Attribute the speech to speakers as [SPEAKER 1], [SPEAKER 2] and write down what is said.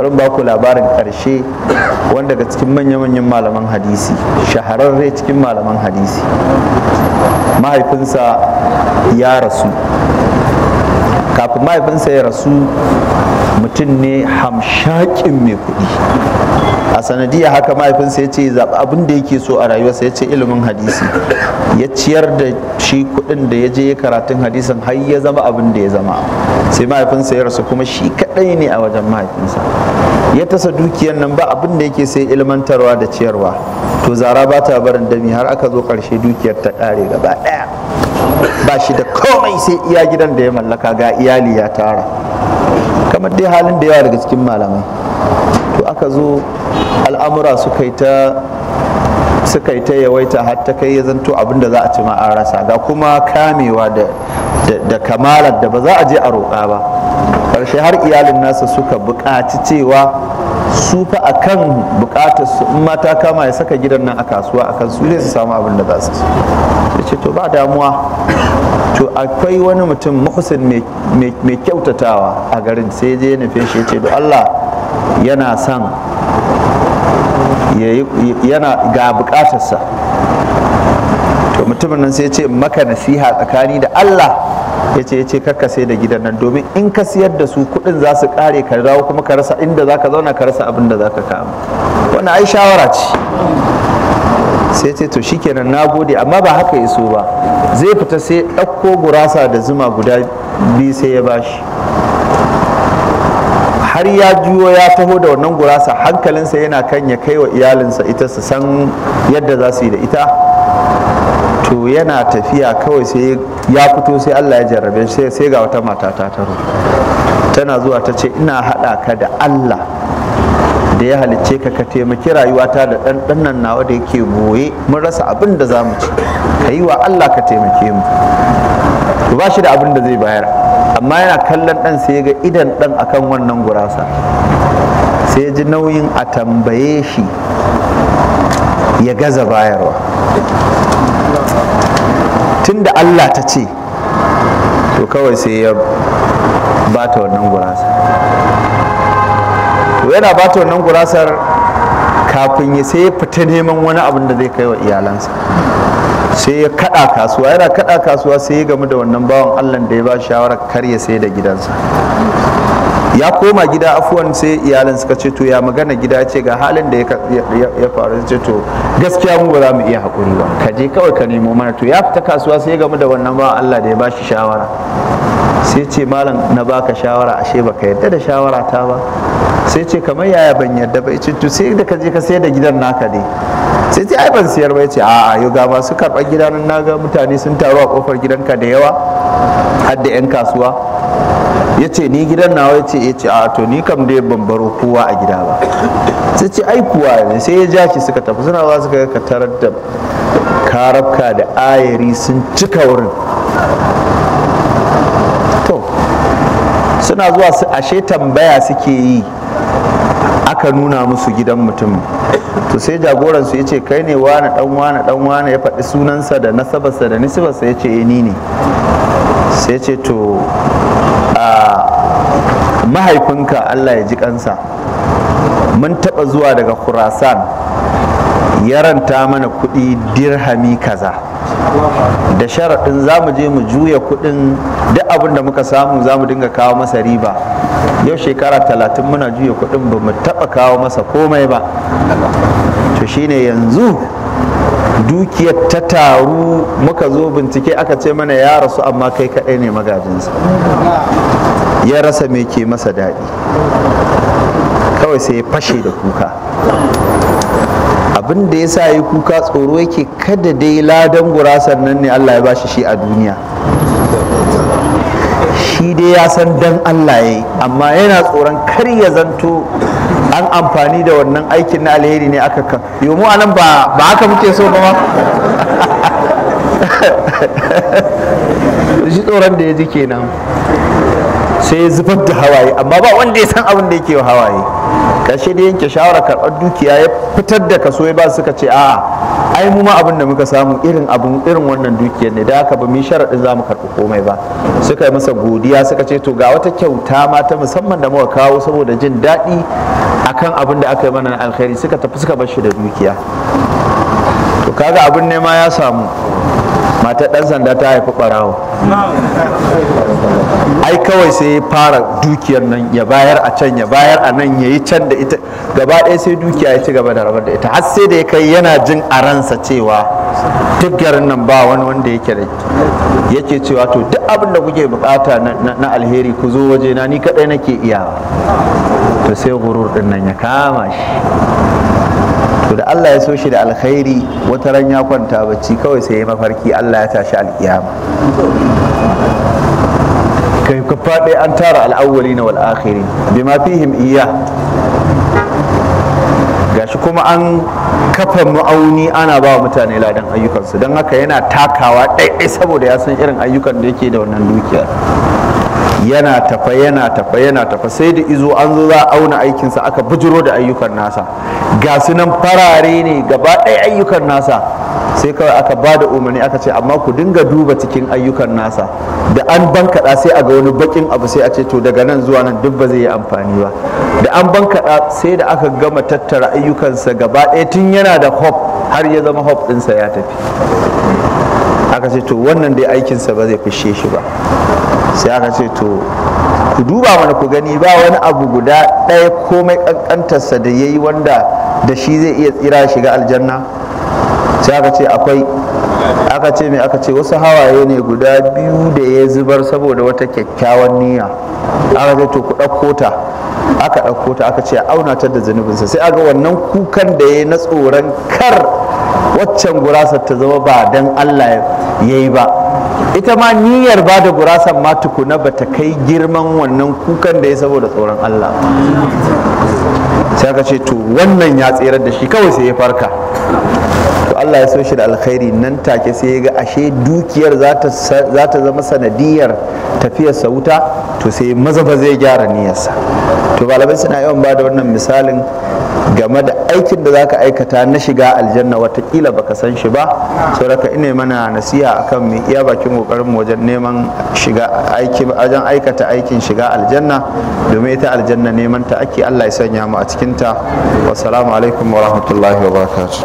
[SPEAKER 1] bari ba ku labarin ƙarshe wanda daga cikin manya-manyan malaman hadisi shahararre cikin malaman hadisi mahaifinsa ya rasu kafin mahaifinsa ya rasu mutum ne hamshakin mai kuɗi a sanadiya haka mahaifinsa ya ce abin da yake so a rayuwarsa ya ce ilimin hadisi ya ciyar da shi kuɗin da ya je ya karatun hadisin har ya zama abin da ya zama sai mahaifinsa ya rasu kuma shi kadai ne a wajen mahaifinsa ya tasa dukiyar nan ba abin da yake sai ilmantarwa da ciyarwa to zara ba ta barin dami har aka zo karshe dukiyar ta kare gaba daya ba shi da komai sai iya gidan da ya mallaka ga iyali ya tara kamar dai halin da yawa daga cikin malamai to aka zo al'amura suka yi ta yawaita har ta kai ya zanto abin da za a ci ma an rasa ga kuma kamewa da da kamalar da ba za a je a roƙa ba ƙarshe har iyalin nasa suka buƙaci cewa su fa a kan buƙatar su in mata kama ya saka gidan nan a kasuwa a kan su ne su samu abin da za su sai ce to ba damuwa to akwai wani mutum muhsin mai kyautatawa a garin sai je nufin shi ce da Allah yana son yana ga buƙatarsa to mutumin nan sai ya ce maka nasiha tsakani da Allah ya ce ya ce kakka sai da gidan nan domin in ka siyar da su kuɗin za su ƙare ka dawo kuma ka rasa inda za ka zauna ka rasa abin da za ka kama wannan ai shawara ce sai ce to shikenan na gode amma ba haka ya so ba zai fita sai ɗauko gurasa da zuma guda biyu sai ya bashi har ya juyo ya taho da wannan gurasa hankalinsa yana kan ya kai wa iyalinsa ita su san yadda za su yi da ita to yana tafiya kawai sai ya fito sai Allah ya jarrabe sai sai ga wata mata ta taro tana zuwa ta ce ina haɗa ka da Allah da ya halicce ka ka taimaki rayuwata da ɗan nan nawa da yake goye mun rasa abin da za ci ka yi wa Allah ka taimake mu to ba shi da abin da zai bayar amma yana kallon ɗan sai ga idan ɗan akan wannan gurasa sai ji nauyin a tambaye shi ya gaza bayarwa tunda Allah ta ce to kawai sai ya bata wannan gurasar to yana bata wannan gurasar kafin ya sai ya fita neman wani abin da zai kai wa iyalansa sai ya kada kasuwa yana kada kasuwa sai ya gamu da wannan bawan allah da ya ba shawarar kar ya sai da gidansa ya koma gida afuwan sai iyalan suka ce to ya magana gida ce ga halin da ya faru ce to gaskiya mu ba za mu iya haƙuri ba ka je kawai ka nemo mana to ya fita kasuwa sai ya gamu da wannan ba Allah da ya bashi shawara sai ce malam na baka shawara ashe baka yadda da shawara ta ba sai ce kamar yaya ban yadda ba ce to sai da ka je ka sayar da gidan naka ne sai ce ai ban siyar ba ce a'a yau ga masu karɓar gidan na ga mutane sun taru a kofar gidanka da yawa har da 'yan kasuwa ya ce ni gidan nawa ya ce ya ce a to ni kam dai ban baro kowa a gida ba sai ce ai kuwa ne sai ya ja shi suka tafi suna za su ga tarar da karabka da ayari sun cika wurin to suna zuwa su ashe tambaya suke yi aka nuna musu gidan mutum to sai jagoran su yace kai ne wani dan wani dan wani ya faɗi sunansa da nasabarsa da nisibarsa yace eh, ni ne sai ce to a mahaifinka allah ya ji kansa mun taɓa zuwa daga kurasan yaranta mana kuɗi dirhami kaza da sharaɗin za mu je mu juya kuɗin duk abin da muka samu za mu dinga kawo masa riba yau shekara talatin muna juya kuɗin ba mu taɓa kawo masa komai ba to shine yanzu dukiyar ta taru muka zo bincike aka ce mana ya rasu amma kai kaɗai ne magajinsa ya rasa me ke masa daɗi kawai sai ya fashe da kuka abin da ya sa yi kuka tsoro yake kada dai ladan gurasan nan ne allah ya bashi shi a duniya shi dai ya san dan allah ya yi amma yana tsoron kar ya zanto an amfani da wannan aikin na alheri ne aka kan yi mu anan ba aka muke so ba ma shi tsoron da ya ji kenan sai ya zubar da hawaye amma ba wanda ya san abin da yake wa hawaye kashe da yanke shawarar karɓar dukiya ya fitar da kaso ya ba suka ce a'a ai mu ma abin da muka samu irin abin irin wannan dukiyar ne da aka ba mu ɗin za mu karɓi komai ba suka yi masa godiya suka ce to ga wata kyauta ma ta musamman da muka kawo saboda jin daɗi akan abin da aka yi mana alkhairi suka tafi suka bar shi da dukiya to kaga abin nema ya samu matar ɗan sanda ta haifi barawo ai kawai sai ya fara dukiyar nan ya bayar a can ya bayar a nan ya yi can da ita gaba ɗaya sai dukiya ya ci gaba da rabar da ita har sai da ya kai yana jin a ransa cewa duk garin nan ba wani wanda yake da yake cewa to duk abin da kuke bukata na alheri ku zo waje na ni kadai nake iyawa to sai gurur din nan ya kama shi Allah ya so shi da alkhairi wata ran ya kwanta bacci kawai sai ya mafarki Allah ya tashi alkiyama kai ka faɗi an tara al'awwali na wal'akhiri bi ma fihim iya gashi kuma an kafa mu'auni ana ba mutane ladan ayyukansu don haka yana takawa ɗaiɗai saboda ya san irin ayyukan da yake da wannan dukiyar yana tafa yana tafa yana tafa sai da izo an zo za a auna aikinsa aka bujiro da ayyukan nasa ga su nan farare ne gaba ɗaya ayyukan nasa sai kawai aka ba da umarni aka ce amma ku dinga duba cikin ayyukan nasa da an bankaɗa sai a ga wani bakin abu sai a ce to daga nan zuwa nan duk ba zai yi amfani ba da an bankaɗa sai da aka gama tattara ayyukansa gaba ɗaya tun yana da hop har ya zama hop ɗinsa ya tafi aka ce to wannan dai aikinsa ba zai fishe shi ba sai aka ce to ku duba mana ku gani ba wani abu guda ɗaya komai ƙanƙantarsa da ya yi wanda da shi zai iya tsira shiga aljanna sai aka ce akwai aka ce mai aka ce wasu hawaye ne guda biyu da ya zubar saboda wata kyakkyawan niyya aka ce to ku ɗauko ta aka ɗauko ta aka ce a auna da zunubinsa sai aga wannan kukan da ya yi na tsoron kar waccan gurasa ta zama ba dan Allah ya yi ba ita ma niyyar ba da gurasan ma tukuna ba ta kai girman wannan kukan da ya saboda tsoron Allah sai aka ce to wannan ya tserar da shi kawai sai ya farka to Allah ya so shi da alkhairi nan take sai ya ga ashe dukiyar za ta zama sanadiyar tafiyarsa wuta to sai maza zai gyara niyyarsa to malamai suna yawan ba da wannan misalin game da aikin da zaka aikata na shiga aljanna watakila baka san shi ba raka ina mana nasiha akan mu iya bakin kokarin wajen neman shiga wajen aikata aikin shiga aljanna domin ita aljanna neman ta ake Allah ya sanya mu a cikin ta wassalamu alaikum wa rahmatullahi wa barakatuh